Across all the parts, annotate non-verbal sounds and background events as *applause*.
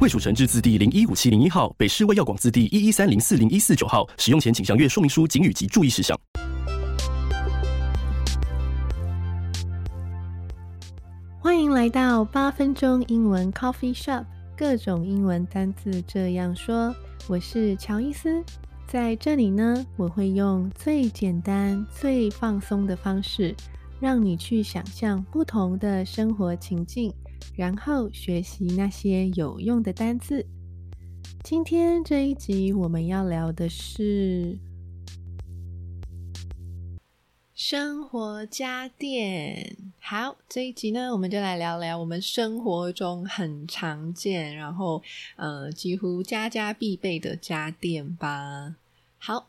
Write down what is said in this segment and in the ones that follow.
衛署成製字第零一五七零一號，北市衛藥廣字第一一三零四零一四九號。使用前請詳閱說明書、警語及注意事項。歡迎來到八分鐘英文 Coffee Shop，各種英文單字這樣說。我是喬伊斯，在這裡呢，我會用最簡單、最放鬆的方式，讓你去想象不同的生活情境。然後學習那些有用的單詞。今天這一集我們要聊的是生活家電。好，這一集呢，我們就來聊聊我們生活中很常見，然後呃幾乎家家必備的家電吧。好。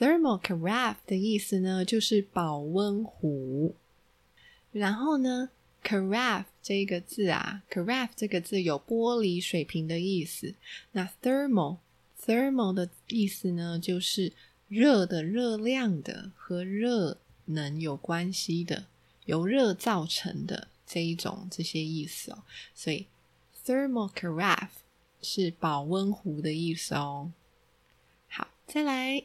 Thermal carafe 的意思呢，就是保溫壺。然後呢 carafe 這個字啊 carafe 這個字有玻璃水瓶的意思。那 thermal，thermal thermal 的意思呢，就是熱的、熱量的和熱能有關係的，由熱造成的這一種這些意思哦。所以 thermal carafe 是保溫壺的意思哦。好，再來。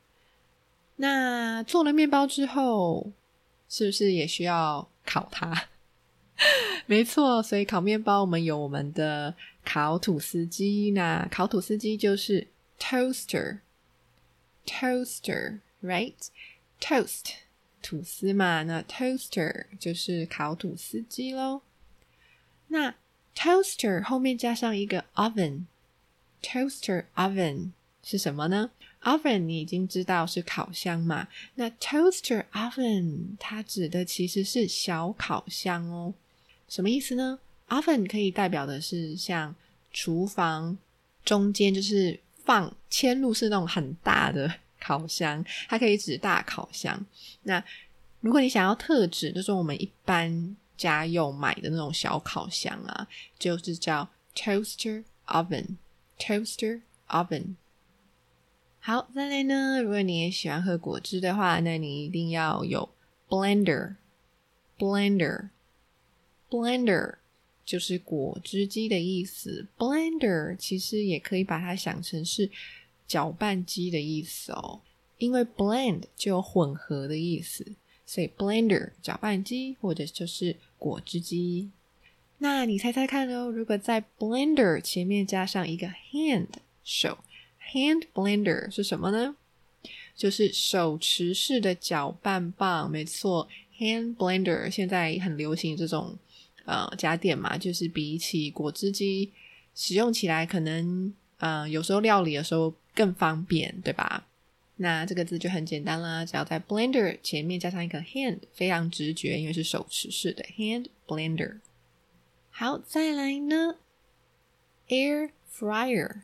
那做了麵包之後，是不是也需要烤它？ *laughs* 沒錯，所以烤麵包我們有我們的烤吐司機。那烤吐司機就是 toaster，toaster, right? toast 吐司嘛。那 toaster 就是烤吐司機嘍。那 toaster 後面加上一個 oven，toaster oven 是什麼呢？Oven 你已經知道是烤箱嘛？那 toaster oven 它指的其實是小烤箱哦。什麼意思呢？Oven 可以代表的是像廚房中間就是放嵌入式那種很大的烤箱，它可以指大烤箱。那如果你想要特指，就是我們一般家用買的那種小烤箱啊，就是叫 toaster oven，toaster oven。好，再來呢。如果你也喜歡喝果汁的話，那你一定要有 blender，blender，blender，blender, blender, blender, 就是果汁機的意思。blender 其實也可以把它想成是攪拌機的意思哦，因為 blend 就有混合的意思，所以 blender 攪拌機或者就是果汁機。那你猜猜看哦，如果在 blender 前面加上一個 hand 手。Hand blender 是什麼呢？就是手持式的攪拌棒，沒錯。Hand blender 現在很流行這種呃家電嘛，就是比起果汁機使用起來可能呃有時候料理的時候更方便，對吧？那這個字就很簡單啦，只要在 blender 前面加上一個 hand，非常直覺，因為是手持式的。Hand blender。好，再來呢，Air fryer。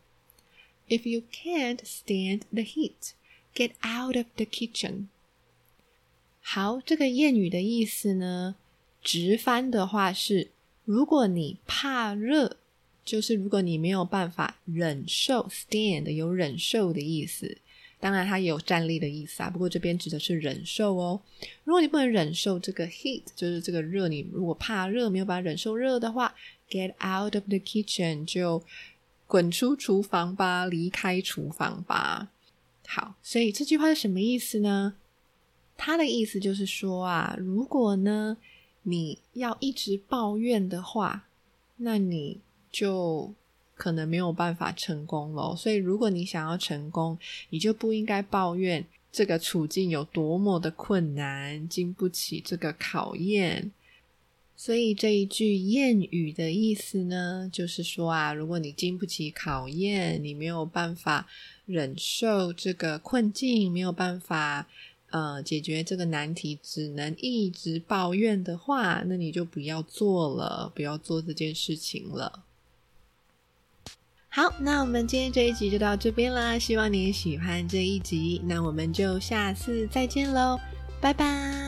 If you can't stand the heat, get out of the kitchen。好，這個諺語的意思呢，直翻的話是：如果你怕熱，就是如果你沒有辦法忍受 （stand 有忍受的意思），當然它也有站立的意思啊。不過這邊指的是忍受哦。如果你不能忍受這個 heat，就是這個熱，你如果怕熱，沒有辦法忍受熱的話，get out of the kitchen 就。滾出廚房吧，離開廚房吧。好，所以這句話是什麼意思呢？它的意思就是說啊，如果呢你要一直抱怨的話，那你就可能沒有辦法成功咯。所以，如果你想要成功，你就不應該抱怨這個處境有多麼的困難，經不起這個考驗。所以這一句諺語的意思呢，就是說啊，如果你經不起考驗，你沒有辦法忍受這個困境，沒有辦法，呃，解決這個難題，只能一直抱怨的話，那你就不要做了，不要做這件事情了。好，那我們今天這一集就到這邊啦，希望你也喜歡這一集，那我們就下次再見嘍，拜拜。